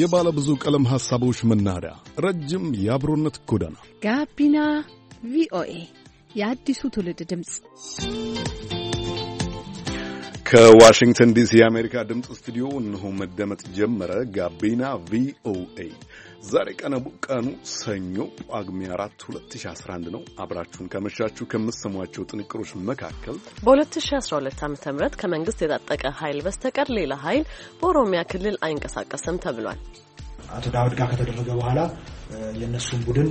የባለ ብዙ ቀለም ሐሳቦች መናኸሪያ፣ ረጅም የአብሮነት ጎዳና፣ ጋቢና ቪኦኤ የአዲሱ ትውልድ ድምፅ ከዋሽንግተን ዲሲ የአሜሪካ ድምፅ ስቱዲዮ እነሆ መደመጥ ጀመረ። ጋቢና ቪኦኤ ዛሬ ቀኑ ሰኞ ጳጉሜ 4 2011 ነው። አብራችሁን ከመሻችሁ ከምትሰሟቸው ጥንቅሮች መካከል በ2012 ዓ ም ከመንግስት የታጠቀ ኃይል በስተቀር ሌላ ኃይል በኦሮሚያ ክልል አይንቀሳቀስም ተብሏል። አቶ ዳውድ ጋር ከተደረገ በኋላ የእነሱን ቡድን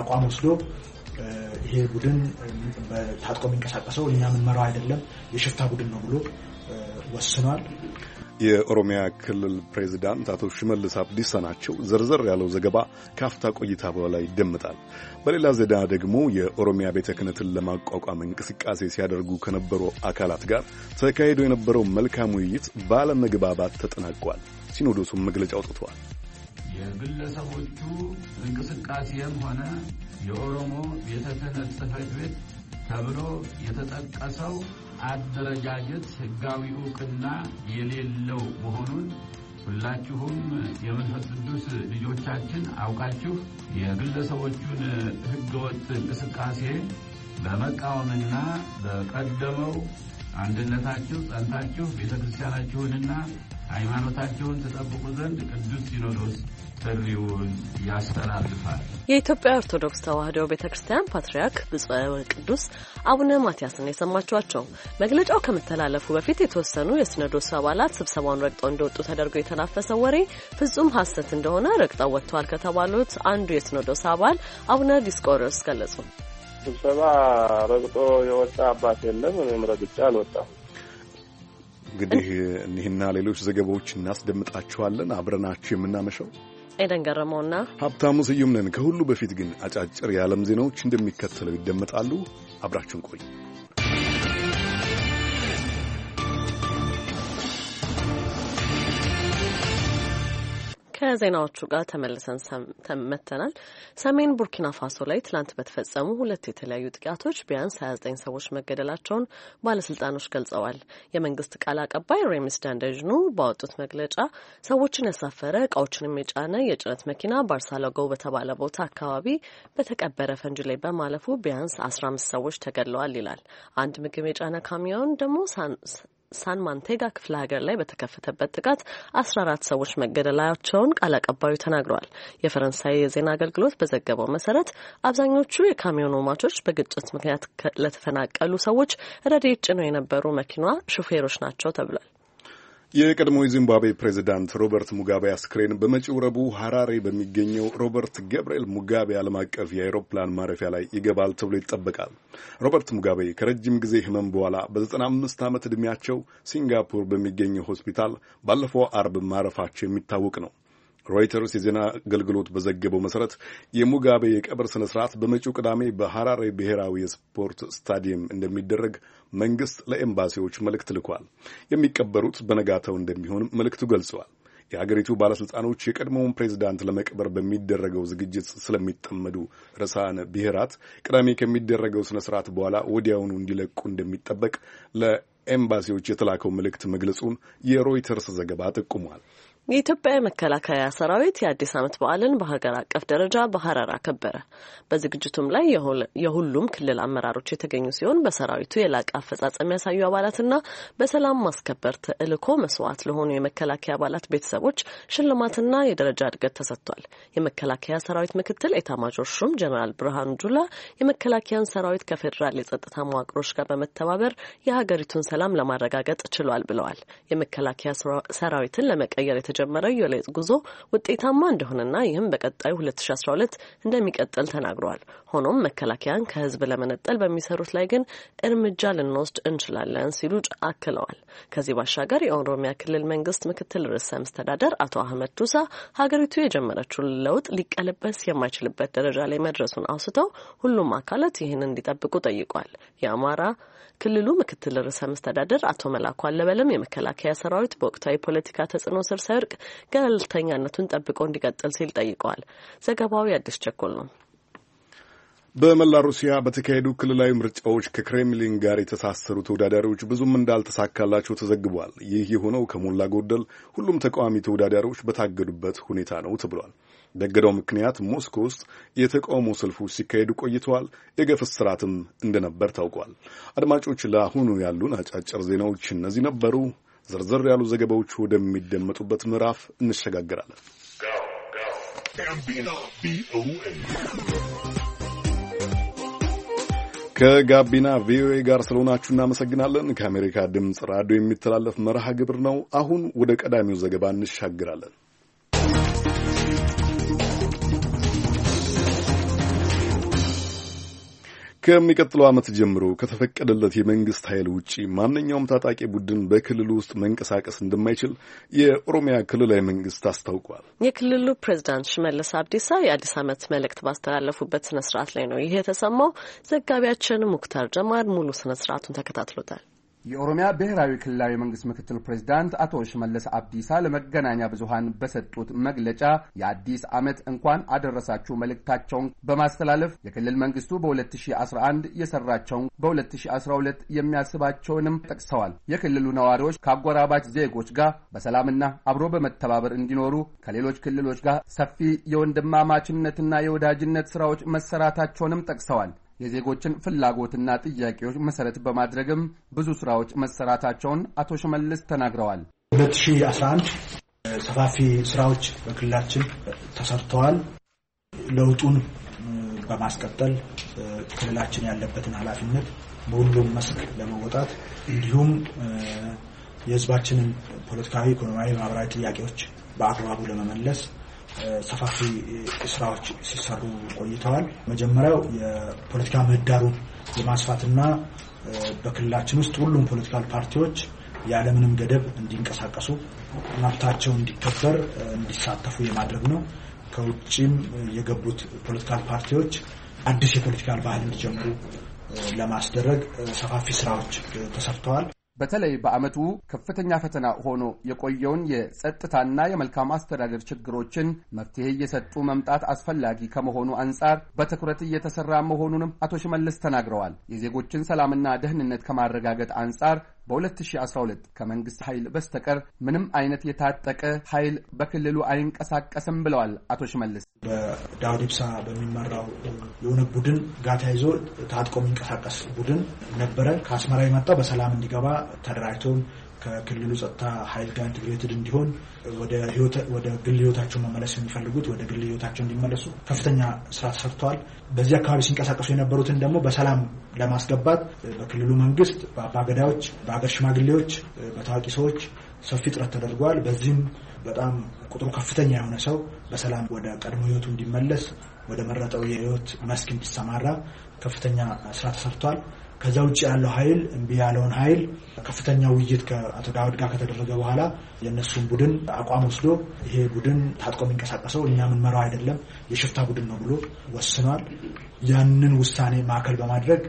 አቋም ወስዶ ይሄ ቡድን ታጥቆ የሚንቀሳቀሰው እኛ የምንመራው አይደለም፣ የሽፍታ ቡድን ነው ብሎ ወስኗል። የኦሮሚያ ክልል ፕሬዚዳንት አቶ ሽመልስ አብዲሳ ናቸው። ዘርዘር ያለው ዘገባ ከአፍታ ቆይታ በኋላ ይደመጣል። በሌላ ዜና ደግሞ የኦሮሚያ ቤተ ክህነትን ለማቋቋም እንቅስቃሴ ሲያደርጉ ከነበሩ አካላት ጋር ተካሂዶ የነበረው መልካም ውይይት ባለመግባባት ተጠናቋል። ሲኖዶሱም መግለጫ አውጥተዋል። የግለሰቦቹ እንቅስቃሴም ሆነ የኦሮሞ ቤተ ክህነት ጽሕፈት ቤት ተብሎ የተጠቀሰው አደረጃጀት ህጋዊ እውቅና የሌለው መሆኑን ሁላችሁም የመንፈስ ቅዱስ ልጆቻችን አውቃችሁ የግለሰቦቹን ህገወጥ እንቅስቃሴ በመቃወምና በቀደመው አንድነታችሁ ጸንታችሁ ቤተ ክርስቲያናችሁንና ሃይማኖታችሁን ተጠብቁ ዘንድ ቅዱስ ሲኖዶስ ጥሪውን ያስተላልፋል። የኢትዮጵያ ኦርቶዶክስ ተዋሕዶ ቤተ ክርስቲያን ፓትርያርክ ብፁዕ ቅዱስ አቡነ ማትያስን የሰማችኋቸው። መግለጫው ከመተላለፉ በፊት የተወሰኑ የሲኖዶሱ አባላት ስብሰባውን ረግጠው እንደወጡ ተደርገው የተናፈሰው ወሬ ፍጹም ሐሰት እንደሆነ ረግጠው ወጥተዋል ከተባሉት አንዱ የሲኖዶስ አባል አቡነ ዲስቆሮስ ገለጹ። ስብሰባ ረግጦ የወጣ አባት የለም። እኔም ረግጫ አልወጣም። እንግዲህ እኒህና ሌሎች ዘገባዎች እናስደምጣችኋለን። አብረናችሁ የምናመሸው ኤደን ገረመውና ሀብታሙ ስዩም ነን። ከሁሉ በፊት ግን አጫጭር የዓለም ዜናዎች እንደሚከተለው ይደመጣሉ። አብራችሁን ቆይ ከዜናዎቹ ጋር ተመልሰን ተመተናል። ሰሜን ቡርኪና ፋሶ ላይ ትላንት በተፈጸሙ ሁለት የተለያዩ ጥቃቶች ቢያንስ 29 ሰዎች መገደላቸውን ባለስልጣኖች ገልጸዋል። የመንግስት ቃል አቀባይ ሬምስ ዳንደዥኑ ባወጡት መግለጫ ሰዎችን ያሳፈረ እቃዎችንም የጫነ የጭነት መኪና ባርሳሎጎው በተባለ ቦታ አካባቢ በተቀበረ ፈንጅ ላይ በማለፉ ቢያንስ 15 ሰዎች ተገድለዋል ይላል። አንድ ምግብ የጫነ ካሚዮን ደግሞ ሳን ማንቴጋ ክፍለ ሀገር ላይ በተከፈተበት ጥቃት አስራ አራት ሰዎች መገደላቸውን ቃል አቀባዩ ተናግረዋል። የፈረንሳይ የዜና አገልግሎት በዘገበው መሰረት አብዛኞቹ የካሚዮን ሟቾች በግጭት ምክንያት ለተፈናቀሉ ሰዎች ረድኤት ጭነው የነበሩ መኪና ሹፌሮች ናቸው ተብሏል። የቀድሞ የዚምባብዌ ፕሬዚዳንት ሮበርት ሙጋቤ አስክሬን በመጪው ረቡዕ ሐራሬ በሚገኘው ሮበርት ገብርኤል ሙጋቤ ዓለም አቀፍ የአውሮፕላን ማረፊያ ላይ ይገባል ተብሎ ይጠበቃል። ሮበርት ሙጋቤ ከረጅም ጊዜ ሕመም በኋላ በ95 ዓመት ዕድሜያቸው ሲንጋፖር በሚገኘው ሆስፒታል ባለፈው አርብ ማረፋቸው የሚታወቅ ነው። ሮይተርስ የዜና አገልግሎት በዘገበው መሠረት የሙጋቤ የቀብር ሥነ ሥርዓት በመጪው ቅዳሜ በሐራሬ ብሔራዊ የስፖርት ስታዲየም እንደሚደረግ መንግስት ለኤምባሲዎች መልእክት ልኳል። የሚቀበሩት በነጋተው እንደሚሆን መልእክቱ ገልጸዋል። የሀገሪቱ ባለሥልጣኖች የቀድሞውን ፕሬዚዳንት ለመቅበር በሚደረገው ዝግጅት ስለሚጠመዱ ርዕሳነ ብሔራት ቅዳሜ ከሚደረገው ስነ ስርዓት በኋላ ወዲያውኑ እንዲለቁ እንደሚጠበቅ ለኤምባሲዎች የተላከው መልእክት መግለጹን የሮይተርስ ዘገባ ጠቁሟል። የኢትዮጵያ የመከላከያ ሰራዊት የአዲስ ዓመት በዓልን በሀገር አቀፍ ደረጃ በሀረር አከበረ። በዝግጅቱም ላይ የሁሉም ክልል አመራሮች የተገኙ ሲሆን በሰራዊቱ የላቀ አፈጻጸም ያሳዩ አባላትና በሰላም ማስከበር ተልዕኮ መስዋዕት ለሆኑ የመከላከያ አባላት ቤተሰቦች ሽልማትና የደረጃ እድገት ተሰጥቷል። የመከላከያ ሰራዊት ምክትል ኤታማጆር ሹም ጀኔራል ብርሃኑ ጁላ የመከላከያን ሰራዊት ከፌዴራል የጸጥታ መዋቅሮች ጋር በመተባበር የሀገሪቱን ሰላም ለማረጋገጥ ችሏል ብለዋል። የመከላከያ ሰራዊትን ለመቀየር የተጀመረው የለውጥ ጉዞ ውጤታማ እንደሆነና ይህም በቀጣዩ 2012 እንደሚቀጥል ተናግረዋል። ሆኖም መከላከያን ከህዝብ ለመነጠል በሚሰሩት ላይ ግን እርምጃ ልንወስድ እንችላለን ሲሉ አክለዋል። ከዚህ ባሻገር የኦሮሚያ ክልል መንግስት ምክትል ርዕሰ መስተዳደር አቶ አህመድ ቱሳ ሀገሪቱ የጀመረችውን ለውጥ ሊቀለበስ የማይችልበት ደረጃ ላይ መድረሱን አውስተው ሁሉም አካላት ይህን እንዲጠብቁ ጠይቋል። የአማራ ክልሉ ምክትል ርዕሰ መስተዳደር አቶ መላኩ አለበለም የመከላከያ ሰራዊት በወቅታዊ ፖለቲካ ተጽዕኖ ስር እንዲያደርግ ገለልተኛነቱን ጠብቆ እንዲቀጥል ሲል ጠይቀዋል። ዘገባው የአዲስ ቸኮል ነው። በመላ ሩሲያ በተካሄዱ ክልላዊ ምርጫዎች ከክሬምሊን ጋር የተሳሰሩ ተወዳዳሪዎች ብዙም እንዳልተሳካላቸው ተዘግቧል። ይህ የሆነው ከሞላ ጎደል ሁሉም ተቃዋሚ ተወዳዳሪዎች በታገዱበት ሁኔታ ነው ተብሏል። በእገዳው ምክንያት ሞስኮ ውስጥ የተቃውሞ ሰልፎች ሲካሄዱ ቆይተዋል። የገፍ እስራትም እንደነበር ታውቋል። አድማጮች፣ ለአሁኑ ያሉን አጫጭር ዜናዎች እነዚህ ነበሩ። ዝርዝር ያሉ ዘገባዎች ወደሚደመጡበት ምዕራፍ እንሸጋግራለን። ከጋቢና ቪኦኤ ጋር ስለሆናችሁ እናመሰግናለን። ከአሜሪካ ድምፅ ራዲዮ የሚተላለፍ መርሃ ግብር ነው። አሁን ወደ ቀዳሚው ዘገባ እንሻግራለን። ከሚቀጥለው ዓመት ጀምሮ ከተፈቀደለት የመንግስት ኃይል ውጪ ማንኛውም ታጣቂ ቡድን በክልሉ ውስጥ መንቀሳቀስ እንደማይችል የኦሮሚያ ክልላዊ መንግስት አስታውቋል። የክልሉ ፕሬዚዳንት ሽመለስ አብዲሳ የአዲስ ዓመት መልእክት ባስተላለፉበት ስነ ስርዓት ላይ ነው ይህ የተሰማው። ዘጋቢያችን ሙክታር ጀማል ሙሉ ስነ ስርዓቱን ተከታትሎታል። የኦሮሚያ ብሔራዊ ክልላዊ መንግስት ምክትል ፕሬዚዳንት አቶ ሽመለስ አብዲሳ ለመገናኛ ብዙሃን በሰጡት መግለጫ የአዲስ ዓመት እንኳን አደረሳችሁ መልእክታቸውን በማስተላለፍ የክልል መንግስቱ በ2011 የሰራቸውን በ2012 የሚያስባቸውንም ጠቅሰዋል። የክልሉ ነዋሪዎች ከአጎራባች ዜጎች ጋር በሰላምና አብሮ በመተባበር እንዲኖሩ ከሌሎች ክልሎች ጋር ሰፊ የወንድማማችነትና የወዳጅነት ስራዎች መሰራታቸውንም ጠቅሰዋል። የዜጎችን ፍላጎትና ጥያቄዎች መሰረት በማድረግም ብዙ ስራዎች መሰራታቸውን አቶ ሽመልስ ተናግረዋል። 2011 ሰፋፊ ስራዎች በክልላችን ተሰርተዋል። ለውጡን በማስቀጠል ክልላችን ያለበትን ኃላፊነት በሁሉም መስክ ለመወጣት እንዲሁም የህዝባችንን ፖለቲካዊ፣ ኢኮኖሚያዊ፣ ማህበራዊ ጥያቄዎች በአግባቡ ለመመለስ ሰፋፊ ስራዎች ሲሰሩ ቆይተዋል። መጀመሪያው የፖለቲካ ምህዳሩን የማስፋትና በክልላችን ውስጥ ሁሉም ፖለቲካል ፓርቲዎች ያለምንም ገደብ እንዲንቀሳቀሱ መብታቸው እንዲከበር እንዲሳተፉ የማድረግ ነው። ከውጭም የገቡት ፖለቲካል ፓርቲዎች አዲስ የፖለቲካል ባህል እንዲጀምሩ ለማስደረግ ሰፋፊ ስራዎች ተሰርተዋል። በተለይ በዓመቱ ከፍተኛ ፈተና ሆኖ የቆየውን የጸጥታና የመልካም አስተዳደር ችግሮችን መፍትሄ እየሰጡ መምጣት አስፈላጊ ከመሆኑ አንጻር በትኩረት እየተሰራ መሆኑንም አቶ ሽመልስ ተናግረዋል። የዜጎችን ሰላምና ደህንነት ከማረጋገጥ አንጻር በ2012 ከመንግስት ኃይል በስተቀር ምንም አይነት የታጠቀ ኃይል በክልሉ አይንቀሳቀስም ብለዋል አቶ ሽመልስ። በዳውድ ኢብሳ በሚመራው የሆነ ቡድን ጋር ተያይዞ ታጥቆ የሚንቀሳቀስ ቡድን ነበረ። ከአስመራ የመጣው በሰላም እንዲገባ ተደራጅቶ ከክልሉ ጸጥታ ኃይል ጋር ኢንትግሬትድ እንዲሆን ወደ ግል ህይወታቸው መመለስ የሚፈልጉት ወደ ግል ህይወታቸው እንዲመለሱ ከፍተኛ ስራ ተሰርተዋል። በዚህ አካባቢ ሲንቀሳቀሱ የነበሩትን ደግሞ በሰላም ለማስገባት በክልሉ መንግስት፣ በአባገዳዎች፣ በሀገር ሽማግሌዎች፣ በታዋቂ ሰዎች ሰፊ ጥረት ተደርጓል። በዚህም በጣም ቁጥሩ ከፍተኛ የሆነ ሰው በሰላም ወደ ቀድሞ ህይወቱ እንዲመለስ ወደ መረጠው የህይወት መስክ እንዲሰማራ ከፍተኛ ስራ ተሰርቷል። ከዛ ውጭ ያለው ኃይል እምቢ ያለውን ኃይል ከፍተኛ ውይይት ከአቶ ዳውድ ጋር ከተደረገ በኋላ የእነሱን ቡድን አቋም ወስዶ ይሄ ቡድን ታጥቆ የሚንቀሳቀሰው እኛ የምንመራው አይደለም፣ የሽፍታ ቡድን ነው ብሎ ወስኗል። ያንን ውሳኔ ማዕከል በማድረግ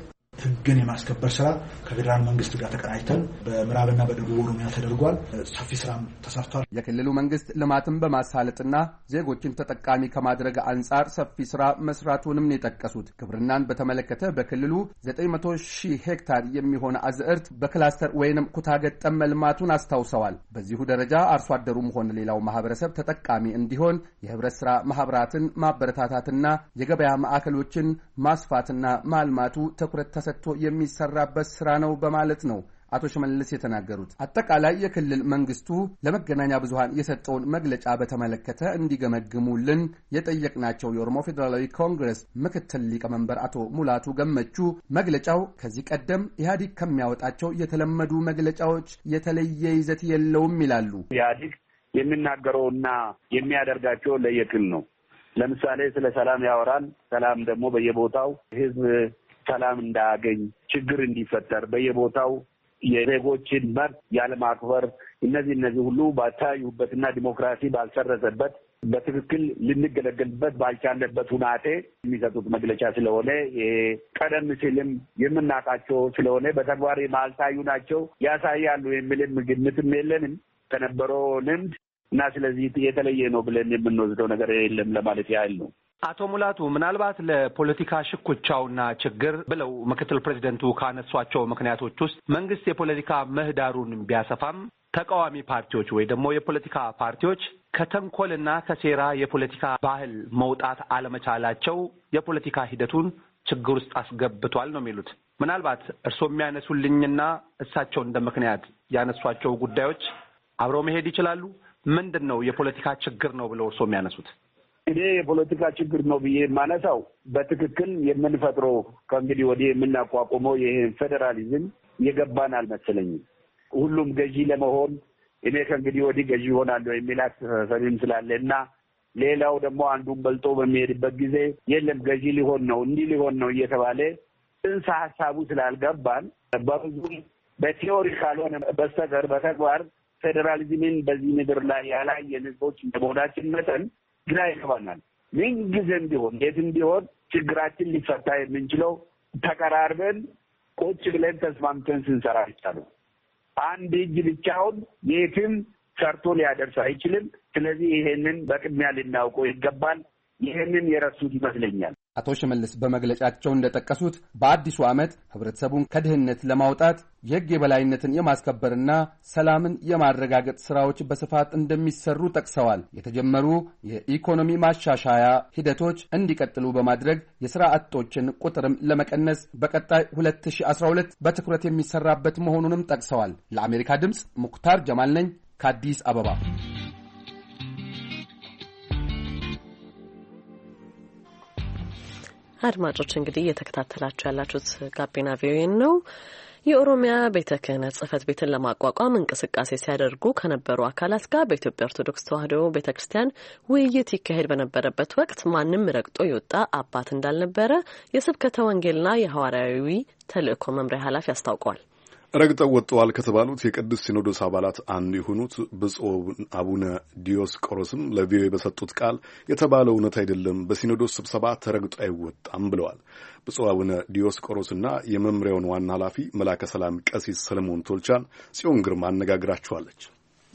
ህግን የማስከበር ስራ ከፌዴራል መንግስት ጋር ተቀናጅተን በምዕራብና በደቡብ ኦሮሚያ ተደርጓል። ሰፊ ስራም ተሰርቷል። የክልሉ መንግስት ልማትን በማሳለጥና ዜጎችን ተጠቃሚ ከማድረግ አንጻር ሰፊ ስራ መስራቱንም የጠቀሱት ግብርናን በተመለከተ በክልሉ 900 ሺህ ሄክታር የሚሆነ አዝዕርት በክላስተር ወይንም ኩታ ገጠም መልማቱን አስታውሰዋል። በዚሁ ደረጃ አርሶ አደሩም ሆነ ሌላው ማህበረሰብ ተጠቃሚ እንዲሆን የህብረት ስራ ማህበራትን ማበረታታትና የገበያ ማዕከሎችን ማስፋትና ማልማቱ ትኩረት ተሰጥቶ የሚሰራበት ስራ ነው በማለት ነው አቶ ሽመልስ የተናገሩት አጠቃላይ የክልል መንግስቱ ለመገናኛ ብዙሃን የሰጠውን መግለጫ በተመለከተ እንዲገመግሙልን የጠየቅናቸው የኦሮሞ ፌዴራላዊ ኮንግረስ ምክትል ሊቀመንበር አቶ ሙላቱ ገመቹ መግለጫው ከዚህ ቀደም ኢህአዲግ ከሚያወጣቸው የተለመዱ መግለጫዎች የተለየ ይዘት የለውም ይላሉ። ኢህአዲግ የሚናገረውና የሚያደርጋቸው ለየክል ነው። ለምሳሌ ስለ ሰላም ያወራል። ሰላም ደግሞ በየቦታው ህዝብ ሰላም እንዳያገኝ፣ ችግር እንዲፈጠር በየቦታው የዜጎችን መብት ያለማክበር እነዚህ እነዚህ ሁሉ ባታዩበትና ዲሞክራሲ ባልሰረሰበት በትክክል ልንገለገልበት ባልቻለበት ሁናቴ የሚሰጡት መግለጫ ስለሆነ ቀደም ሲልም የምናውቃቸው ስለሆነ በተግባር ማልታዩ ናቸው ያሳያሉ የሚልም ግምትም የለንም ከነበረው ልምድ እና ስለዚህ የተለየ ነው ብለን የምንወስደው ነገር የለም ለማለት ያህል ነው። አቶ ሙላቱ ምናልባት ለፖለቲካ ሽኩቻውና ችግር ብለው ምክትል ፕሬዚደንቱ ካነሷቸው ምክንያቶች ውስጥ መንግስት የፖለቲካ ምህዳሩን ቢያሰፋም ተቃዋሚ ፓርቲዎች ወይ ደግሞ የፖለቲካ ፓርቲዎች ከተንኮልና ከሴራ የፖለቲካ ባህል መውጣት አለመቻላቸው የፖለቲካ ሂደቱን ችግር ውስጥ አስገብቷል ነው የሚሉት። ምናልባት እርስዎ የሚያነሱልኝና እሳቸው እንደ ምክንያት ያነሷቸው ጉዳዮች አብረው መሄድ ይችላሉ። ምንድን ነው የፖለቲካ ችግር ነው ብለው እርስዎ የሚያነሱት? እኔ የፖለቲካ ችግር ነው ብዬ የማነሳው በትክክል የምንፈጥሮ ከእንግዲህ ወዲህ የምናቋቁመው ይህን ፌዴራሊዝም የገባን አልመሰለኝም። ሁሉም ገዢ ለመሆን እኔ ከእንግዲህ ወዲህ ገዢ ይሆናለሁ የሚል አስተሳሰብም ስላለ እና ሌላው ደግሞ አንዱን በልጦ በሚሄድበት ጊዜ የለም ገዢ ሊሆን ነው እንዲህ ሊሆን ነው እየተባለ ጽንሰ ሀሳቡ ስላልገባን በብዙም በቲዎሪ ካልሆነ በስተቀር በተግባር ፌዴራሊዝምን በዚህ ምድር ላይ ያላየን ህዝቦች እንደመሆናችን መጠን ግራ ይገባናል። ምን ጊዜም ቢሆን የትም ቢሆን ችግራችን ሊፈታ የምንችለው ተቀራርበን ቁጭ ብለን ተስማምተን ስንሰራ ብቻ ነው። አንድ እጅ ብቻውን የትም ሰርቶ ሊያደርስ አይችልም። ስለዚህ ይሄንን በቅድሚያ ልናውቀው ይገባል። ይህንን የረሱት ይመስለኛል። አቶ ሽመልስ በመግለጫቸው እንደጠቀሱት በአዲሱ ዓመት ህብረተሰቡን ከድህነት ለማውጣት የህግ የበላይነትን የማስከበርና ሰላምን የማረጋገጥ ስራዎች በስፋት እንደሚሰሩ ጠቅሰዋል። የተጀመሩ የኢኮኖሚ ማሻሻያ ሂደቶች እንዲቀጥሉ በማድረግ የሥራ አጦችን ቁጥርም ለመቀነስ በቀጣይ 2012 በትኩረት የሚሰራበት መሆኑንም ጠቅሰዋል። ለአሜሪካ ድምፅ ሙክታር ጀማል ነኝ ከአዲስ አበባ አድማጮች እንግዲህ እየተከታተላችሁ ያላችሁት ጋቢና ቪኦኤን ነው። የኦሮሚያ ቤተ ክህነት ጽህፈት ቤትን ለማቋቋም እንቅስቃሴ ሲያደርጉ ከነበሩ አካላት ጋር በኢትዮጵያ ኦርቶዶክስ ተዋሕዶ ቤተ ክርስቲያን ውይይት ይካሄድ በነበረበት ወቅት ማንም ረግጦ የወጣ አባት እንዳልነበረ የስብከተ ወንጌልና የሐዋርያዊ ተልእኮ መምሪያ ኃላፊ አስታውቋል። ረግጠው ወጥተዋል ከተባሉት የቅዱስ ሲኖዶስ አባላት አንዱ የሆኑት ብፁዕ አቡነ ዲዮስቆሮስም ለቪኦኤ በሰጡት ቃል የተባለው እውነት አይደለም፣ በሲኖዶስ ስብሰባ ተረግጦ አይወጣም ብለዋል። ብፁዕ አቡነ ዲዮስቆሮስና የመምሪያውን ዋና ኃላፊ መላከ ሰላም ቀሲስ ሰለሞን ቶልቻን ጽዮን ግርማ አነጋግራችኋለች።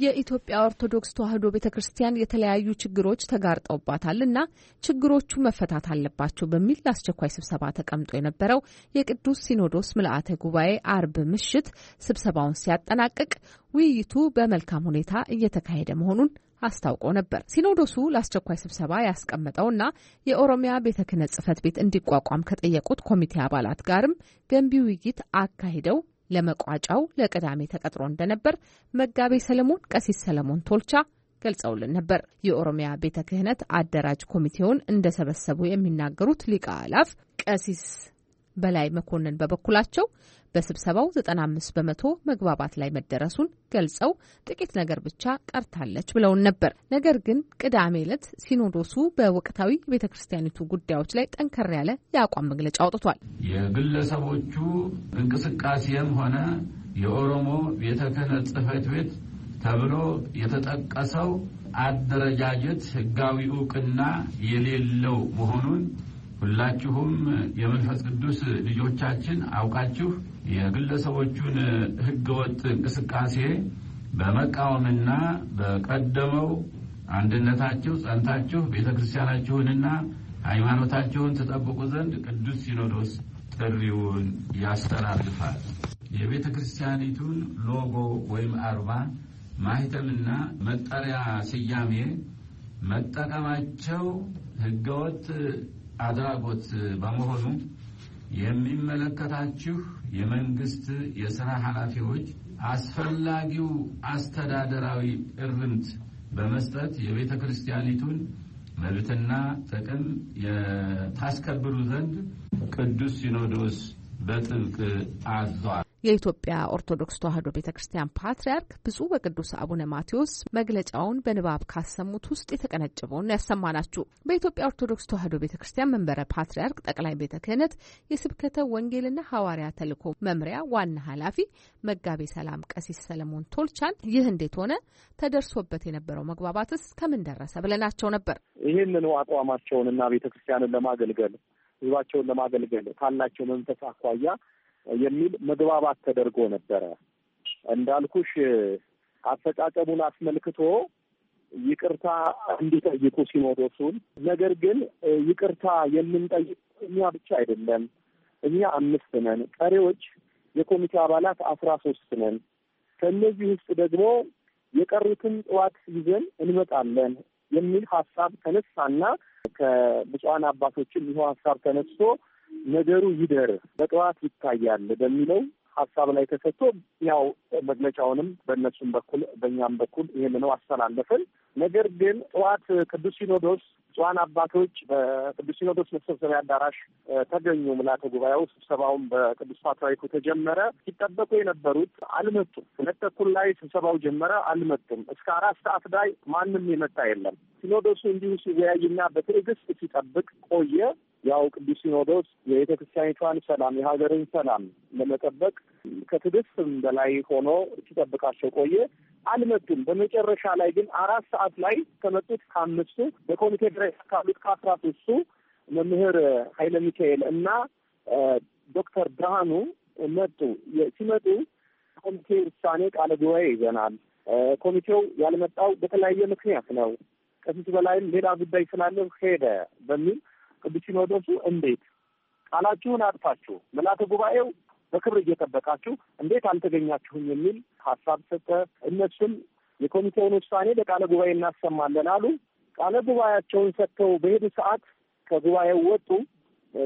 የኢትዮጵያ ኦርቶዶክስ ተዋሕዶ ቤተ ክርስቲያን የተለያዩ ችግሮች ተጋርጠውባታል እና ችግሮቹ መፈታት አለባቸው በሚል ለአስቸኳይ ስብሰባ ተቀምጦ የነበረው የቅዱስ ሲኖዶስ ምልአተ ጉባኤ አርብ ምሽት ስብሰባውን ሲያጠናቅቅ ውይይቱ በመልካም ሁኔታ እየተካሄደ መሆኑን አስታውቆ ነበር። ሲኖዶሱ ለአስቸኳይ ስብሰባ ያስቀመጠውና የኦሮሚያ ቤተ ክህነት ቤት እንዲቋቋም ከጠየቁት ኮሚቴ አባላት ጋርም ገንቢ ውይይት አካሂደው ለመቋጫው ለቅዳሜ ተቀጥሮ እንደነበር መጋቤ ሰለሞን ቀሲስ ሰለሞን ቶልቻ ገልጸውልን ነበር። የኦሮሚያ ቤተ ክህነት አደራጅ ኮሚቴውን እንደሰበሰቡ የሚናገሩት ሊቀ አላፍ ቀሲስ በላይ መኮንን በበኩላቸው በስብሰባው 95 በመቶ መግባባት ላይ መደረሱን ገልጸው ጥቂት ነገር ብቻ ቀርታለች ብለውን ነበር። ነገር ግን ቅዳሜ ዕለት ሲኖዶሱ በወቅታዊ ቤተ ክርስቲያኒቱ ጉዳዮች ላይ ጠንከር ያለ የአቋም መግለጫ አውጥቷል። የግለሰቦቹ እንቅስቃሴም ሆነ የኦሮሞ ቤተ ክህነት ቤት ተብሎ የተጠቀሰው አደረጃጀት ህጋዊ እውቅና የሌለው መሆኑን ሁላችሁም የመንፈስ ቅዱስ ልጆቻችን አውቃችሁ የግለሰቦቹን ህገወጥ እንቅስቃሴ በመቃወምና በቀደመው አንድነታችሁ ጸንታችሁ ቤተ ክርስቲያናችሁንና ሃይማኖታችሁን ትጠብቁ ዘንድ ቅዱስ ሲኖዶስ ጥሪውን ያስተላልፋል። የቤተ ክርስቲያኒቱን ሎጎ ወይም አርማ ማህተምና መጠሪያ ስያሜ መጠቀማቸው ህገወጥ አድራጎት በመሆኑ የሚመለከታችሁ የመንግስት የሥራ ኃላፊዎች አስፈላጊው አስተዳደራዊ እርምት በመስጠት የቤተ ክርስቲያኒቱን መብትና ጥቅም የታስከብሩ ዘንድ ቅዱስ ሲኖዶስ በጥብቅ አዟል። የኢትዮጵያ ኦርቶዶክስ ተዋሕዶ ቤተ ክርስቲያን ፓትርያርክ ብፁዕ ወቅዱስ አቡነ ማቴዎስ መግለጫውን በንባብ ካሰሙት ውስጥ የተቀነጨበውን ያሰማናችሁ። በኢትዮጵያ ኦርቶዶክስ ተዋሕዶ ቤተ ክርስቲያን መንበረ ፓትርያርክ ጠቅላይ ቤተ ክህነት የስብከተ ወንጌልና ሐዋርያ ተልእኮ መምሪያ ዋና ኃላፊ መጋቤ ሰላም ቀሲስ ሰለሞን ቶልቻን ይህ እንዴት ሆነ? ተደርሶበት የነበረው መግባባትስ ከምን ደረሰ? ብለናቸው ነበር። ይህንኑ አቋማቸውንና ቤተ ክርስቲያንን ለማገልገል ህዝባቸውን ለማገልገል ካላቸው መንፈስ አኳያ የሚል መግባባት ተደርጎ ነበረ። እንዳልኩሽ አፈጻጸሙን አስመልክቶ ይቅርታ እንዲጠይቁ ሲኖዶሱን። ነገር ግን ይቅርታ የምንጠይቅ እኛ ብቻ አይደለም፣ እኛ አምስት ነን። ቀሪዎች የኮሚቴ አባላት አስራ ሶስት ነን። ከእነዚህ ውስጥ ደግሞ የቀሩትን ጥዋት ይዘን እንመጣለን የሚል ሀሳብ ተነሳና ከብፁዓን አባቶችም ይኸው ሀሳብ ተነስቶ ነገሩ ይደር በጠዋት ይታያል በሚለው ሀሳብ ላይ ተሰጥቶ ያው መግለጫውንም በእነሱም በኩል በእኛም በኩል ይህንኑ አስተላለፍን። ነገር ግን ጠዋት ቅዱስ ሲኖዶስ ጽዋን አባቶች በቅዱስ ሲኖዶስ መሰብሰቢያ አዳራሽ ተገኙ። ምልዓተ ጉባኤው ስብሰባውን በቅዱስ ፓትርያርኩ ተጀመረ። ሲጠበቁ የነበሩት አልመጡም። ሁለት ተኩል ላይ ስብሰባው ጀመረ፣ አልመጡም። እስከ አራት ሰዓት ላይ ማንም የመጣ የለም። ሲኖዶሱ እንዲሁ ሲወያይና በትዕግስት ሲጠብቅ ቆየ። ያው ቅዱስ ሲኖዶስ የቤተ ክርስቲያኒቷን ሰላም የሀገርን ሰላም ለመጠበቅ ከትዕግስትም በላይ ሆኖ ሲጠብቃቸው ቆየ። አልመጡም። በመጨረሻ ላይ ግን አራት ሰዓት ላይ ከመጡት ከአምስቱ በኮሚቴ ደረጃ ካሉት ከአስራ ሶስቱ መምህር ኃይለ ሚካኤል እና ዶክተር ብርሃኑ መጡ። ሲመጡ ኮሚቴ ውሳኔ ቃለ ጉባኤ ይዘናል። ኮሚቴው ያልመጣው በተለያየ ምክንያት ነው፣ ከፊት በላይም ሌላ ጉዳይ ስላለው ሄደ በሚል ቅዱስ ሲኖዶሱ እንዴት ቃላችሁን አጥፋችሁ ምልዓተ ጉባኤው በክብር እየጠበቃችሁ እንዴት አልተገኛችሁም የሚል ሀሳብ ሰጠ። እነሱም የኮሚቴውን ውሳኔ ለቃለ ጉባኤ እናሰማለን አሉ። ቃለ ጉባኤያቸውን ሰጥተው በሄዱ ሰዓት ከጉባኤው ወጡ።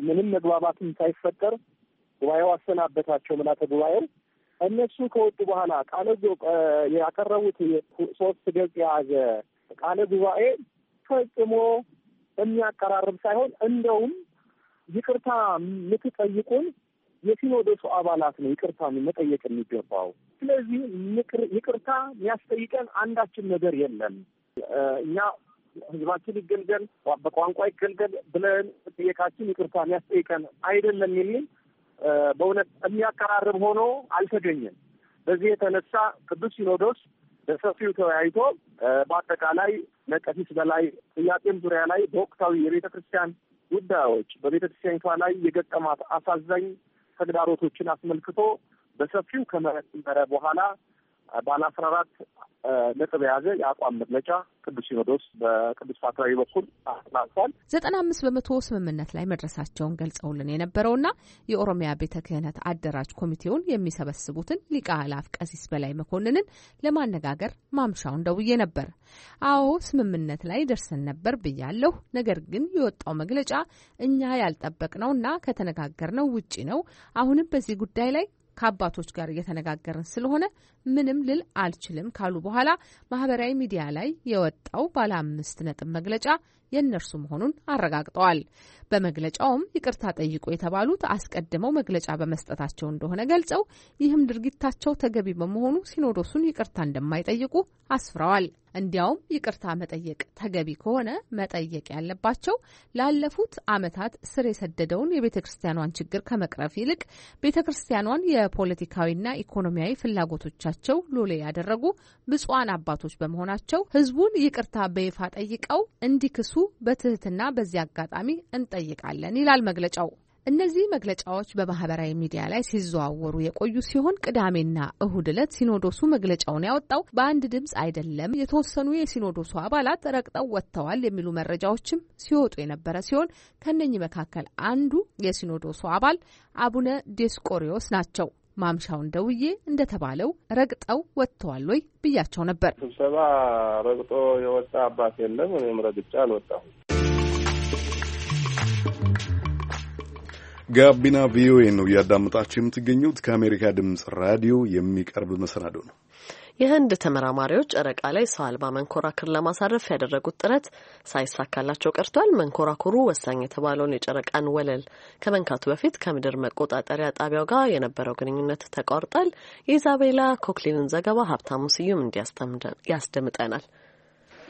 ምንም መግባባትም ሳይፈጠር ጉባኤው አሰናበታቸው ምልዓተ ጉባኤው። እነሱ ከወጡ በኋላ ቃለ ያቀረቡት ሶስት ገጽ የያዘ ቃለ ጉባኤ ፈጽሞ የሚያቀራርብ ሳይሆን እንደውም ይቅርታ የምትጠይቁን የሲኖዶሱ አባላት ነው ይቅርታ መጠየቅ የሚገባው። ስለዚህ ይቅርታ የሚያስጠይቀን አንዳችን ነገር የለም። እኛ ህዝባችን ይገልገል፣ በቋንቋ ይገልገል ብለን ጠየቃችን ይቅርታ የሚያስጠይቀን አይደለም የሚል በእውነት የሚያቀራርብ ሆኖ አልተገኘም። በዚህ የተነሳ ቅዱስ ሲኖዶስ በሰፊው ተወያይቶ በአጠቃላይ ነቀፊስ በላይ ጥያቄም ዙሪያ ላይ በወቅታዊ የቤተ ክርስቲያን ጉዳዮች በቤተ ክርስቲያኒቷ ላይ የገጠማት አሳዛኝ ተግዳሮቶችን አስመልክቶ በሰፊው ከመረመረ በኋላ ባለ አስራ አራት ነጥብ የያዘ የአቋም መግለጫ ቅዱስ ሲኖዶስ በቅዱስ ፓትርያርኩ በኩል አስተላልፏል። ዘጠና አምስት በመቶ ስምምነት ላይ መድረሳቸውን ገልጸውልን የነበረውና የኦሮሚያ ቤተ ክህነት አደራጅ ኮሚቴውን የሚሰበስቡትን ሊቀ ላፍ ቀሲስ በላይ መኮንንን ለማነጋገር ማምሻውን ደውዬ ነበር። አዎ ስምምነት ላይ ደርሰን ነበር ብያለሁ። ነገር ግን የወጣው መግለጫ እኛ ያልጠበቅነውና ከተነጋገርነው ውጪ ነው። አሁንም በዚህ ጉዳይ ላይ ከአባቶች ጋር እየተነጋገርን ስለሆነ ምንም ልል አልችልም ካሉ በኋላ ማህበራዊ ሚዲያ ላይ የወጣው ባለ አምስት ነጥብ መግለጫ የእነርሱ መሆኑን አረጋግጠዋል። በመግለጫውም ይቅርታ ጠይቁ የተባሉት አስቀድመው መግለጫ በመስጠታቸው እንደሆነ ገልጸው ይህም ድርጊታቸው ተገቢ በመሆኑ ሲኖዶሱን ይቅርታ እንደማይጠይቁ አስፍረዋል። እንዲያውም ይቅርታ መጠየቅ ተገቢ ከሆነ መጠየቅ ያለባቸው ላለፉት ዓመታት ስር የሰደደውን የቤተ ክርስቲያኗን ችግር ከመቅረፍ ይልቅ ቤተ ክርስቲያኗን የፖለቲካዊና ኢኮኖሚያዊ ፍላጎቶቻቸው ሎሌ ያደረጉ ብፁዓን አባቶች በመሆናቸው ህዝቡን ይቅርታ በይፋ ጠይቀው እንዲክሱ በትህትና በዚህ አጋጣሚ እንጠይቃለን ይላል መግለጫው። እነዚህ መግለጫዎች በማህበራዊ ሚዲያ ላይ ሲዘዋወሩ የቆዩ ሲሆን ቅዳሜና እሁድ ዕለት ሲኖዶሱ መግለጫውን ያወጣው በአንድ ድምፅ አይደለም፣ የተወሰኑ የሲኖዶሱ አባላት ረግጠው ወጥተዋል የሚሉ መረጃዎችም ሲወጡ የነበረ ሲሆን ከነኚህ መካከል አንዱ የሲኖዶሱ አባል አቡነ ዲዮስቆሪዎስ ናቸው። ማምሻውን ደውዬ እንደተባለው ረግጠው ወጥተዋል ወይ ብያቸው ነበር። ስብሰባ ረግጦ የወጣ አባት የለም። እኔም ረግጬ አልወጣሁም። ጋቢና ቪኦኤ ነው እያዳመጣችሁ የምትገኙት። ከአሜሪካ ድምጽ ራዲዮ የሚቀርብ መሰናዶ ነው። የህንድ ተመራማሪዎች ጨረቃ ላይ ሰው አልባ መንኮራኩር ለማሳረፍ ያደረጉት ጥረት ሳይሳካላቸው ቀርቷል። መንኮራኩሩ ወሳኝ የተባለውን የጨረቃን ወለል ከመንካቱ በፊት ከምድር መቆጣጠሪያ ጣቢያው ጋር የነበረው ግንኙነት ተቋርጧል። የኢዛቤላ ኮክሊንን ዘገባ ሀብታሙ ስዩም እንዲያስደምጠናል።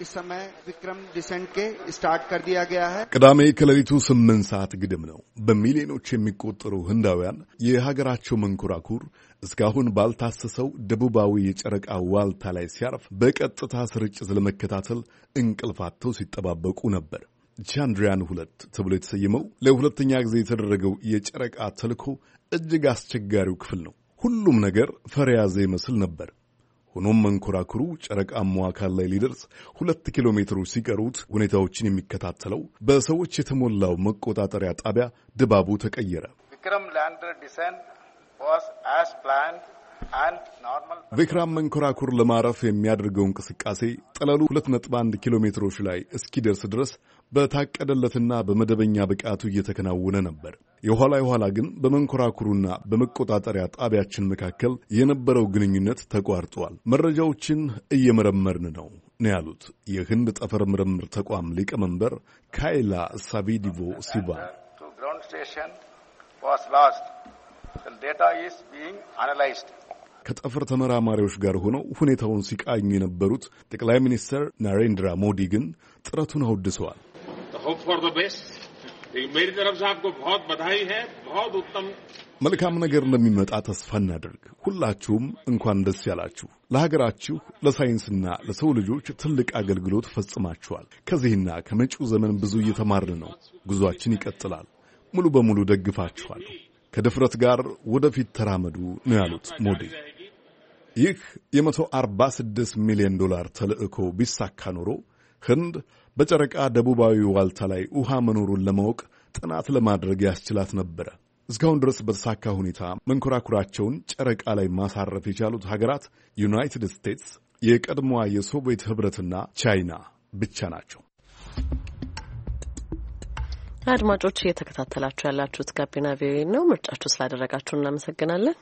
इस समय विक्रम डिसेंट के स्टार्ट कर दिया गया है ቅዳሜ ከሌሊቱ ስምንት ሰዓት ግድም ነው በሚሊዮኖች የሚቆጠሩ ህንዳውያን የሀገራቸው መንኮራኩር እስካሁን ባልታሰሰው ደቡባዊ የጨረቃ ዋልታ ላይ ሲያርፍ በቀጥታ ስርጭት ለመከታተል እንቅልፋተው ሲጠባበቁ ነበር። ቻንድሪያን ሁለት ተብሎ የተሰየመው ለሁለተኛ ጊዜ የተደረገው የጨረቃ ተልኮ እጅግ አስቸጋሪው ክፍል ነው። ሁሉም ነገር ፈሪያዘ ይመስል ነበር። ሆኖም መንኮራኩሩ ጨረቃማው አካል ላይ ሊደርስ ሁለት ኪሎ ሜትሮች ሲቀሩት ሁኔታዎችን የሚከታተለው በሰዎች የተሞላው መቆጣጠሪያ ጣቢያ ድባቡ ተቀየረ። ቪክራም መንኮራኩር ለማረፍ የሚያደርገው እንቅስቃሴ ጠለሉ 2.1 ኪሎ ሜትሮች ላይ እስኪደርስ ድረስ በታቀደለትና በመደበኛ ብቃቱ እየተከናወነ ነበር። የኋላ የኋላ ግን በመንኮራኩሩና በመቆጣጠሪያ ጣቢያችን መካከል የነበረው ግንኙነት ተቋርጧል። መረጃዎችን እየመረመርን ነው ነው ያሉት የህንድ ጠፈር ምርምር ተቋም ሊቀመንበር ካይላ ሳቪዲቮ ሲባ አናላይዝድ ከጠፈር ተመራማሪዎች ጋር ሆነው ሁኔታውን ሲቃኙ የነበሩት ጠቅላይ ሚኒስትር ናሬንድራ ሞዲ ግን ጥረቱን አውድሰዋል። መልካም ነገር እንደሚመጣ ተስፋ እናደርግ። ሁላችሁም እንኳን ደስ ያላችሁ። ለሀገራችሁ፣ ለሳይንስና ለሰው ልጆች ትልቅ አገልግሎት ፈጽማችኋል። ከዚህና ከመጪው ዘመን ብዙ እየተማርን ነው። ጉዞአችን ይቀጥላል። ሙሉ በሙሉ ደግፋችኋል። ከድፍረት ጋር ወደፊት ተራመዱ ነው ያሉት ሞዲ። ይህ የ146 ሚሊዮን ዶላር ተልዕኮ ቢሳካ ኖሮ ህንድ በጨረቃ ደቡባዊ ዋልታ ላይ ውሃ መኖሩን ለማወቅ ጥናት ለማድረግ ያስችላት ነበረ። እስካሁን ድረስ በተሳካ ሁኔታ መንኮራኩራቸውን ጨረቃ ላይ ማሳረፍ የቻሉት ሀገራት ዩናይትድ ስቴትስ፣ የቀድሞዋ የሶቪየት ህብረትና ቻይና ብቻ ናቸው። አድማጮች እየተከታተላችሁ ያላችሁት ጋቢና ቪኦኤ ነው። ምርጫችሁ ስላደረጋችሁ እናመሰግናለን።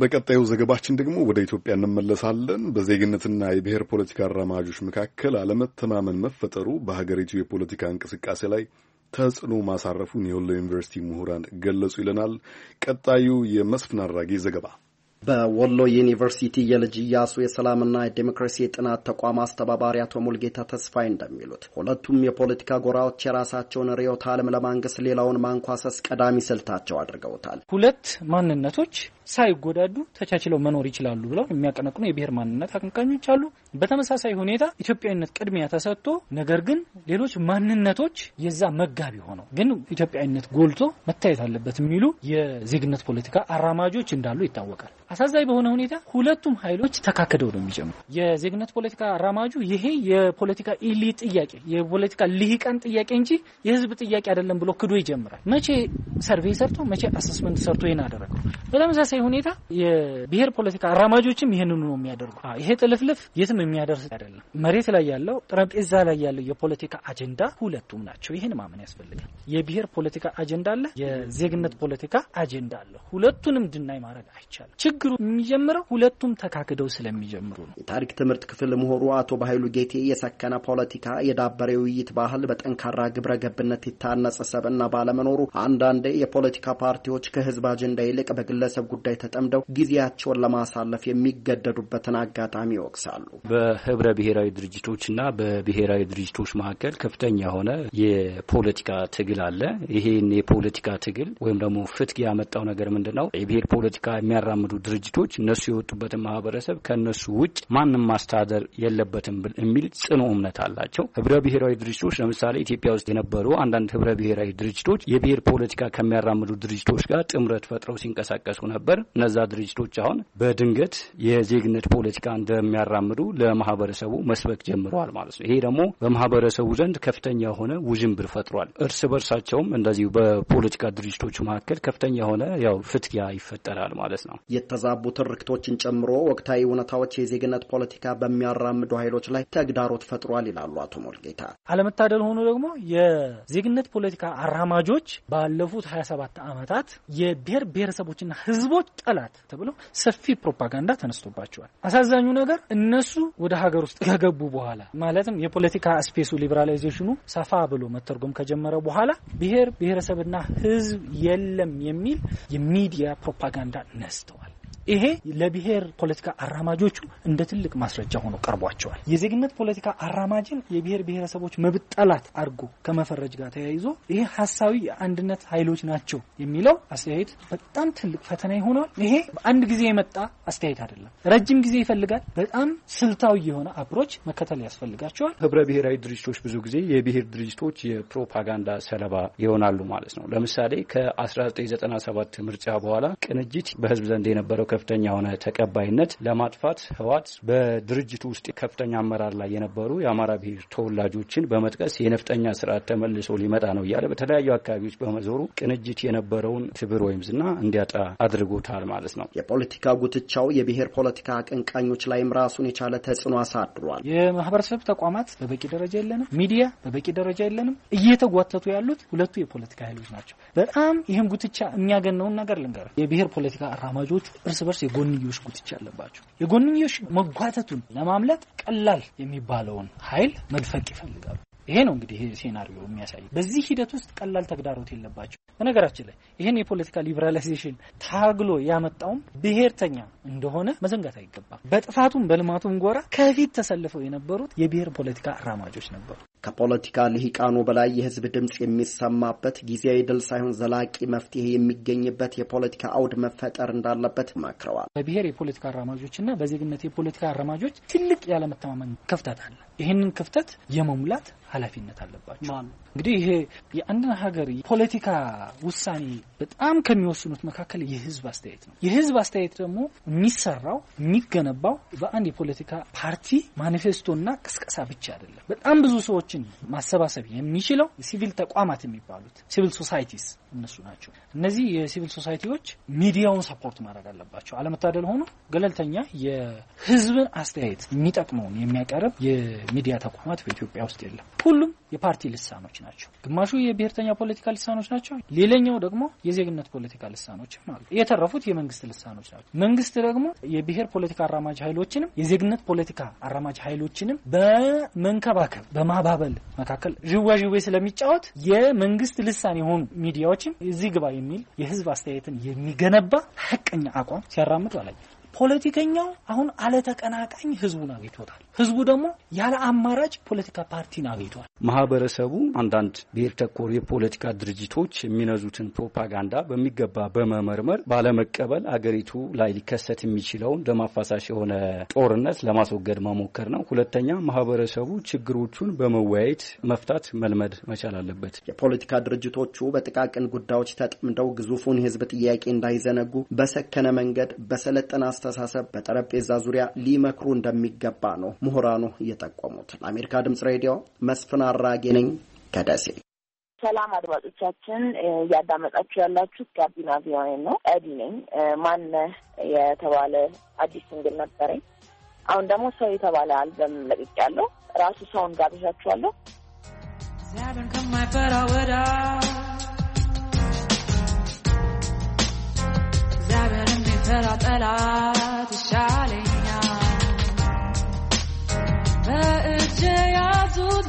በቀጣዩ ዘገባችን ደግሞ ወደ ኢትዮጵያ እንመለሳለን። በዜግነትና የብሔር ፖለቲካ አራማጆች መካከል አለመተማመን መፈጠሩ በሀገሪቱ የፖለቲካ እንቅስቃሴ ላይ ተጽዕኖ ማሳረፉን የወሎ ዩኒቨርሲቲ ምሁራን ገለጹ ይለናል ቀጣዩ የመስፍን አራጌ ዘገባ። በወሎ ዩኒቨርሲቲ የልጅ እያሱ የሰላምና የዴሞክራሲ የጥናት ተቋም አስተባባሪ አቶ ሙልጌታ ተስፋይ እንደሚሉት ሁለቱም የፖለቲካ ጎራዎች የራሳቸውን ርዕዮተ ዓለም ለማንገስ ሌላውን ማንኳሰስ ቀዳሚ ስልታቸው አድርገውታል። ሁለት ማንነቶች ሳይጎዳዱ ተቻችለው መኖር ይችላሉ ብለው የሚያቀነቅኑ የብሔር ማንነት አቀንቃኞች አሉ። በተመሳሳይ ሁኔታ ኢትዮጵያዊነት ቅድሚያ ተሰጥቶ፣ ነገር ግን ሌሎች ማንነቶች የዛ መጋቢ ሆነው ግን ኢትዮጵያዊነት ጎልቶ መታየት አለበት የሚሉ የዜግነት ፖለቲካ አራማጆች እንዳሉ ይታወቃል። አሳዛኝ በሆነ ሁኔታ ሁለቱም ኃይሎች ተካክደው ነው የሚጀምሩ። የዜግነት ፖለቲካ አራማጁ ይሄ የፖለቲካ ኢሊ ጥያቄ፣ የፖለቲካ ልሂቃን ጥያቄ እንጂ የህዝብ ጥያቄ አይደለም ብሎ ክዶ ይጀምራል። መቼ ሰርቬይ ሰርቶ መቼ አሰስመንት ሰርቶ ይህን አደረገው። በተመሳሳይ ሁኔታ የብሔር ፖለቲካ አራማጆችም ይህንኑ ነው የሚያደርጉ። ይሄ ጥልፍልፍ የትም የሚያደርስ አይደለም። መሬት ላይ ያለው ጠረጴዛ ላይ ያለው የፖለቲካ አጀንዳ ሁለቱም ናቸው። ይህን ማመን ያስፈልጋል። የብሔር ፖለቲካ አጀንዳ አለ፣ የዜግነት ፖለቲካ አጀንዳ አለ። ሁለቱንም ድናይ ማድረግ አይቻልም። ችግሩ የሚጀምረው ሁለቱም ተካክደው ስለሚጀምሩ ነው። የታሪክ ትምህርት ክፍል ምሁሩ አቶ በኃይሉ ጌቴ የሰከነ ፖለቲካ፣ የዳበረ ውይይት ባህል በጠንካራ ግብረ ገብነት የታነጸ ሰብዕና ባለመኖሩ አንዳንዴ የፖለቲካ ፓርቲዎች ከህዝብ አጀንዳ ይልቅ በግለሰብ ጉዳይ ተጠምደው ጊዜያቸውን ለማሳለፍ የሚገደዱበትን አጋጣሚ ይወቅሳሉ። በህብረ ብሔራዊ ድርጅቶችና በብሔራዊ ድርጅቶች መካከል ከፍተኛ የሆነ የፖለቲካ ትግል አለ። ይሄን የፖለቲካ ትግል ወይም ደግሞ ፍትግ ያመጣው ነገር ምንድን ነው? የብሔር ፖለቲካ የሚያራምዱ ድርጅቶች እነሱ የወጡበትን ማህበረሰብ ከእነሱ ውጭ ማንም ማስተዳደር የለበትም የሚል ጽኑ እምነት አላቸው። ህብረ ብሔራዊ ድርጅቶች ለምሳሌ ኢትዮጵያ ውስጥ የነበሩ አንዳንድ ህብረ ብሔራዊ ድርጅቶች የብሔር ፖለቲካ ከሚያራምዱ ድርጅቶች ጋር ጥምረት ፈጥረው ሲንቀሳቀሱ ነበር። እነዛ ድርጅቶች አሁን በድንገት የዜግነት ፖለቲካ እንደሚያራምዱ ለማህበረሰቡ መስበክ ጀምረዋል ማለት ነው። ይሄ ደግሞ በማህበረሰቡ ዘንድ ከፍተኛ የሆነ ውዥንብር ፈጥሯል። እርስ በርሳቸውም እንደዚሁ በፖለቲካ ድርጅቶች መካከል ከፍተኛ የሆነ ያው ፍትጊያ ይፈጠራል ማለት ነው። የተዛቡ ትርክቶችን ጨምሮ ወቅታዊ እውነታዎች የዜግነት ፖለቲካ በሚያራምዱ ኃይሎች ላይ ተግዳሮት ፈጥሯል ይላሉ አቶ ሞልጌታ። አለመታደል ሆኖ ደግሞ የዜግነት ፖለቲካ አራማጆች ባለፉት 27 ዓመታት የብሔር ብሔረሰቦችና ህዝቦች ጠላት ተብለው ሰፊ ፕሮፓጋንዳ ተነስቶባቸዋል። አሳዛኙ ነገር እነሱ ወደ ሀገር ውስጥ ከገቡ በኋላ ማለትም የፖለቲካ ስፔሱ ሊበራላይዜሽኑ ሰፋ ብሎ መተርጎም ከጀመረ በኋላ ብሔር ብሔረሰብና ህዝብ የለም የሚል የሚዲያ ፕሮፓጋንዳ ነስተዋል። ይሄ ለብሔር ፖለቲካ አራማጆቹ እንደ ትልቅ ማስረጃ ሆኖ ቀርቧቸዋል። የዜግነት ፖለቲካ አራማጅን የብሔር ብሔረሰቦች መብት ጠላት አድርጎ ከመፈረጅ ጋር ተያይዞ ይሄ ሀሳዊ የአንድነት ኃይሎች ናቸው የሚለው አስተያየት በጣም ትልቅ ፈተና ይሆናል። ይሄ በአንድ ጊዜ የመጣ አስተያየት አይደለም። ረጅም ጊዜ ይፈልጋል። በጣም ስልታዊ የሆነ አፕሮች መከተል ያስፈልጋቸዋል። ህብረ ብሔራዊ ድርጅቶች ብዙ ጊዜ የብሔር ድርጅቶች የፕሮፓጋንዳ ሰለባ ይሆናሉ ማለት ነው። ለምሳሌ ከ1997 ምርጫ በኋላ ቅንጅት በህዝብ ዘንድ የነበረው ከፍተኛ የሆነ ተቀባይነት ለማጥፋት ህዋት በድርጅቱ ውስጥ ከፍተኛ አመራር ላይ የነበሩ የአማራ ብሔር ተወላጆችን በመጥቀስ የነፍጠኛ ስርዓት ተመልሶ ሊመጣ ነው እያለ በተለያዩ አካባቢዎች በመዞሩ ቅንጅት የነበረውን ክብር ወይም ዝና እንዲያጣ አድርጎታል ማለት ነው። የፖለቲካ ጉትቻው የብሔር ፖለቲካ አቀንቃኞች ላይም ራሱን የቻለ ተጽዕኖ አሳድሯል። የማህበረሰብ ተቋማት በበቂ ደረጃ የለንም፣ ሚዲያ በበቂ ደረጃ የለንም። እየተጓተቱ ያሉት ሁለቱ የፖለቲካ ኃይሎች ናቸው። በጣም ይህን ጉትቻ የሚያገነውን ነገር ልንገር የብሔር ፖለቲካ አራማጆቹ እርስ በርስ የጎንዮሽ ጉትቻ አለባቸው። የጎንዮሽ መጓተቱን ለማምለጥ ቀላል የሚባለውን ኃይል መድፈቅ ይፈልጋሉ። ይሄ ነው እንግዲህ ሴናሪዮ የሚያሳይ። በዚህ ሂደት ውስጥ ቀላል ተግዳሮት የለባቸው። በነገራችን ላይ ይህን የፖለቲካ ሊበራላይዜሽን ታግሎ ያመጣውም ብሔርተኛ እንደሆነ መዘንጋት አይገባም። በጥፋቱም በልማቱም ጎራ ከፊት ተሰልፈው የነበሩት የብሔር ፖለቲካ አራማጆች ነበሩ። ከፖለቲካ ልሂቃኑ በላይ የህዝብ ድምፅ የሚሰማበት ጊዜያዊ ድል ሳይሆን ዘላቂ መፍትሄ የሚገኝበት የፖለቲካ አውድ መፈጠር እንዳለበት መክረዋል። በብሔር የፖለቲካ አራማጆችና በዜግነት የፖለቲካ አራማጆች ትልቅ ያለመተማመን ክፍተት አለ። ይህንን ክፍተት የመሙላት ኃላፊነት አለባቸው። እንግዲህ ይሄ የአንድን ሀገር ፖለቲካ ውሳኔ በጣም ከሚወስኑት መካከል የህዝብ አስተያየት ነው። የህዝብ አስተያየት ደግሞ የሚሰራው የሚገነባው በአንድ የፖለቲካ ፓርቲ ማኒፌስቶና ቅስቀሳ ብቻ አይደለም። በጣም ብዙ ሰዎች መረጃዎችን ማሰባሰብ የሚችለው ሲቪል ተቋማት የሚባሉት ሲቪል ሶሳይቲስ እነሱ ናቸው። እነዚህ የሲቪል ሶሳይቲዎች ሚዲያውን ሰፖርት ማድረግ አለባቸው። አለመታደል ሆኖ ገለልተኛ የህዝብን አስተያየት የሚጠቅመውን የሚያቀርብ የሚዲያ ተቋማት በኢትዮጵያ ውስጥ የለም። ሁሉም የፓርቲ ልሳኖች ናቸው። ግማሹ የብሔርተኛ ፖለቲካ ልሳኖች ናቸው። ሌላኛው ደግሞ የዜግነት ፖለቲካ ልሳኖችም አሉ። የተረፉት የመንግስት ልሳኖች ናቸው። መንግስት ደግሞ የብሔር ፖለቲካ አራማጅ ኃይሎችንም የዜግነት ፖለቲካ አራማጅ ኃይሎችንም በመንከባከብ በማባበል መካከል ዥዋዥዌ ስለሚጫወት የመንግስት ልሳን የሆኑ ሚዲያዎችም እዚህ ግባ የሚል የህዝብ አስተያየትን የሚገነባ ሀቀኛ አቋም ሲያራምዱ አላየ ፖለቲከኛው አሁን አለተቀናቃኝ ህዝቡን አግኝቶታል። ህዝቡ ደግሞ ያለ አማራጭ ፖለቲካ ፓርቲን አግኝቷል። ማህበረሰቡ አንዳንድ ብሔር ተኮር የፖለቲካ ድርጅቶች የሚነዙትን ፕሮፓጋንዳ በሚገባ በመመርመር ባለመቀበል አገሪቱ ላይ ሊከሰት የሚችለውን ደም አፋሳሽ የሆነ ጦርነት ለማስወገድ መሞከር ነው። ሁለተኛ ማህበረሰቡ ችግሮቹን በመወያየት መፍታት መልመድ መቻል አለበት። የፖለቲካ ድርጅቶቹ በጥቃቅን ጉዳዮች ተጠምደው ግዙፉን የህዝብ ጥያቄ እንዳይዘነጉ በሰከነ መንገድ በሰለጠና አስተሳሰብ በጠረጴዛ ዙሪያ ሊመክሩ እንደሚገባ ነው ምሁራኑ የጠቆሙት። ለአሜሪካ ድምጽ ሬዲዮ መስፍን አራጌ ነኝ ከደሴ። ሰላም አድማጮቻችን፣ እያዳመጣችሁ ያላችሁ ጋቢና ቪኦኤ ነው። ኤዲ ነኝ። ማነህ የተባለ አዲስ ስንግል ነበረኝ። አሁን ደግሞ ሰው የተባለ አልበም ለቅቄያለሁ። ራሱ ሰውን ጋብዣችኋለሁ። ተራ ጠላት ይሻለኛል በእጅ ያዙት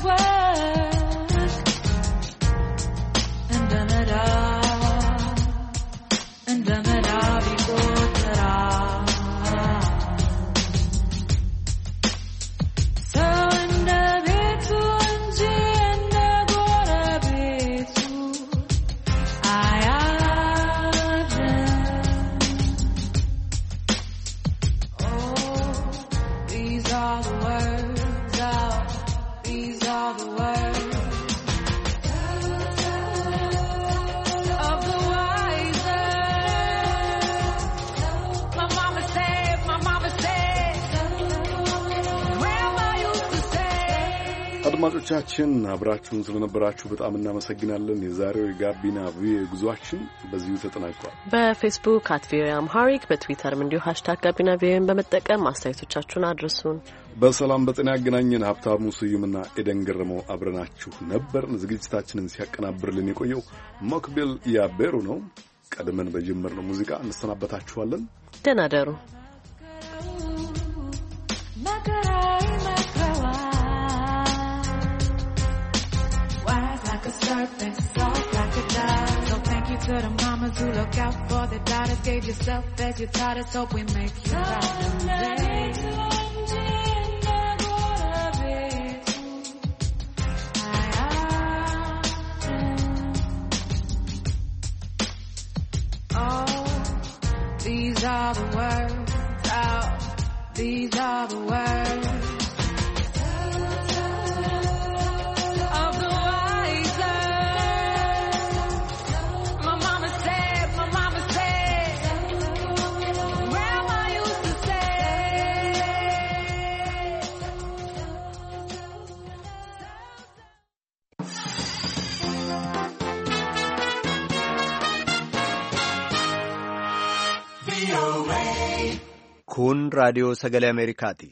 አድማጮቻችን አብራችሁን ስለነበራችሁ በጣም እናመሰግናለን። የዛሬው የጋቢና ቪኦኤ ጉዟችን በዚሁ ተጠናቋል። በፌስቡክ አት ቪኦኤ አምሃሪክ በትዊተርም እንዲሁ ሀሽታግ ጋቢና ቪኦኤን በመጠቀም አስተያየቶቻችሁን አድርሱን። በሰላም በጤና ያገናኘን። ሀብታሙ ስዩምና ኤደን ገረመው አብረናችሁ ነበርን። ዝግጅታችንን ሲያቀናብርልን የቆየው ሞክቢል ያቤሩ ነው። ቀድመን በጀመርነው ሙዚቃ እንሰናበታችኋለን። ደናደሩ ደሩ። serpent, soft like a dove. So thank you to the mamas who look out for the daughters. Gave yourself as your daughters. Hope we make you right These are the words, oh, these are the words. Kun raadiyoo sagale Ameerikaati.